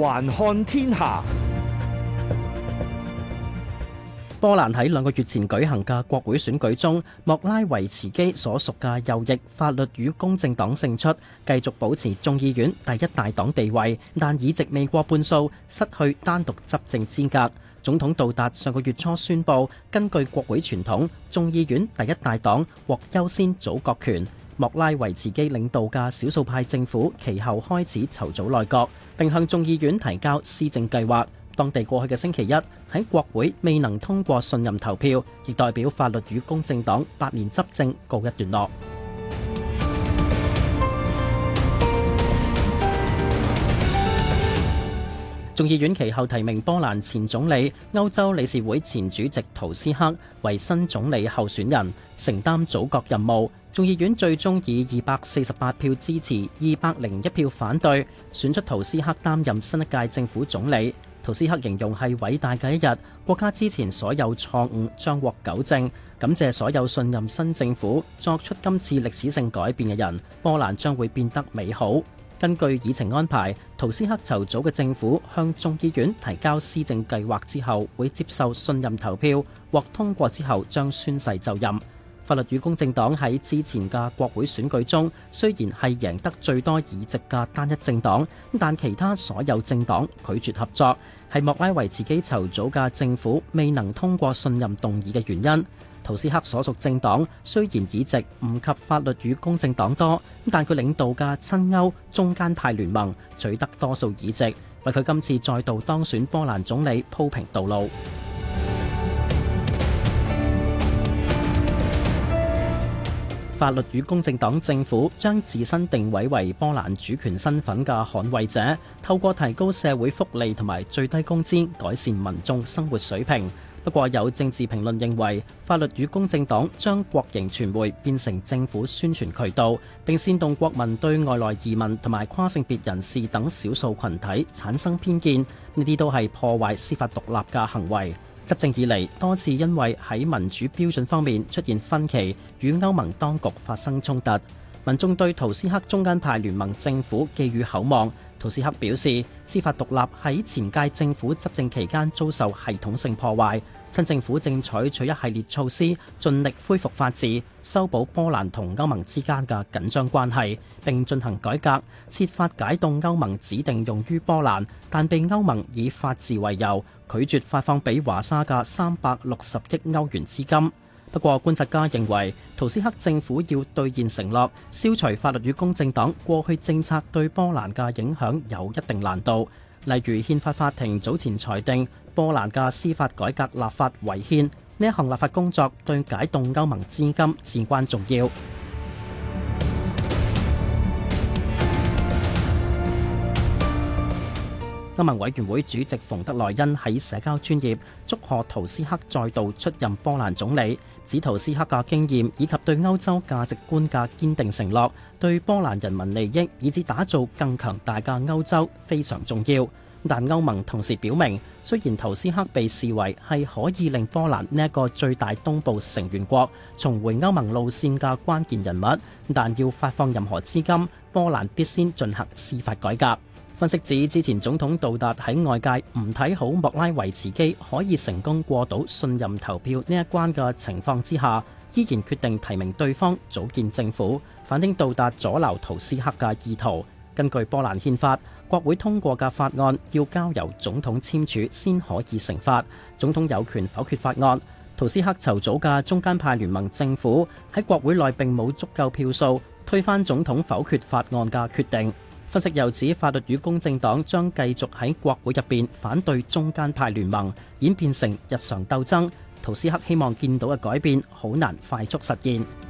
環看天下，波蘭喺兩個月前舉行嘅國會選舉中，莫拉維茨基所屬嘅右翼法律與公正黨勝出，繼續保持眾議院第一大黨地位，但議席未過半數，失去單獨執政資格。總統杜達上個月初宣布，根據國會傳統，眾議院第一大黨獲優先組閣權。莫拉維茨基領導嘅少數派政府，其後開始籌組內閣，並向眾議院提交施政計劃。當地過去嘅星期一喺國會未能通過信任投票，亦代表法律與公正黨八年執政告一段落。 眾議院其後提名波蘭前總理、歐洲理事會前主席圖斯克為新總理候選人，承擔組閣任務。眾議院最終以二百四十八票支持，二百零一票反對，選出圖斯克擔任新一屆政府總理。圖斯克形容係偉大嘅一日，國家之前所有錯誤將獲糾正，感謝所有信任新政府作出今次歷史性改變嘅人，波蘭將會變得美好。根據議程安排，圖斯克籌組嘅政府向眾議院提交施政計劃之後，會接受信任投票，獲通過之後將宣誓就任。法律與公正黨喺之前嘅國會選舉中，雖然係贏得最多議席嘅單一政黨，咁但其他所有政黨拒絕合作，係莫拉維茨基籌組嘅政府未能通過信任動議嘅原因。圖斯克所屬政黨雖然議席唔及法律與公正黨多，咁但佢領導嘅親歐中間派聯盟取得多數議席，為佢今次再度當選波蘭總理鋪平道路。法律與公正黨政府將自身定位為波蘭主權身份嘅捍衛者，透過提高社會福利同埋最低工資改善民眾生活水平。不過，有政治評論認為，法律與公正黨將國營傳媒變成政府宣傳渠道，並煽動國民對外來移民同埋跨性別人士等少數群體產生偏見，呢啲都係破壞司法獨立嘅行為。執政以嚟多次因為喺民主標準方面出現分歧，與歐盟當局發生衝突。民眾對圖斯克中間派聯盟政府寄予厚望。圖斯克表示，司法獨立喺前屆政府執政期間遭受系統性破壞，新政府正採取一系列措施，盡力恢復法治，修補波蘭同歐盟之間嘅緊張關係，並進行改革，設法解凍歐盟指定用於波蘭，但被歐盟以法治為由，拒絕發放俾華沙嘅三百六十億歐元資金。不過，觀察家認為，圖斯克政府要兌現承諾，消除法律與公正黨過去政策對波蘭嘅影響有一定難度。例如，憲法法庭早前裁定波蘭嘅司法改革立法違憲，呢一項立法工作對解凍歐盟資金至關重要。歐盟委員會主席馮德萊恩喺社交專業祝賀圖斯克再度出任波蘭總理，指圖斯克嘅經驗以及對歐洲價值觀嘅堅定承諾，對波蘭人民利益以至打造更強大嘅歐洲非常重要。但歐盟同時表明，雖然圖斯克被視為係可以令波蘭呢一個最大東部成員國重回歐盟路線嘅關鍵人物，但要發放任何資金，波蘭必先進行司法改革。分析指，之前總統到達喺外界唔睇好莫拉維茨基可以成功過到信任投票呢一關嘅情況之下，依然決定提名對方組建政府，反映到達阻撓圖斯克嘅意圖。根據波蘭憲法，國會通過嘅法案要交由總統簽署先可以成法，總統有權否決法案。圖斯克籌組嘅中間派聯盟政府喺國會內並冇足夠票數推翻總統否決法案嘅決定。分析又指，法律與公正黨將繼續喺國會入面反對中間派聯盟，演變成日常鬥爭。圖斯克希望見到嘅改變，好難快速實現。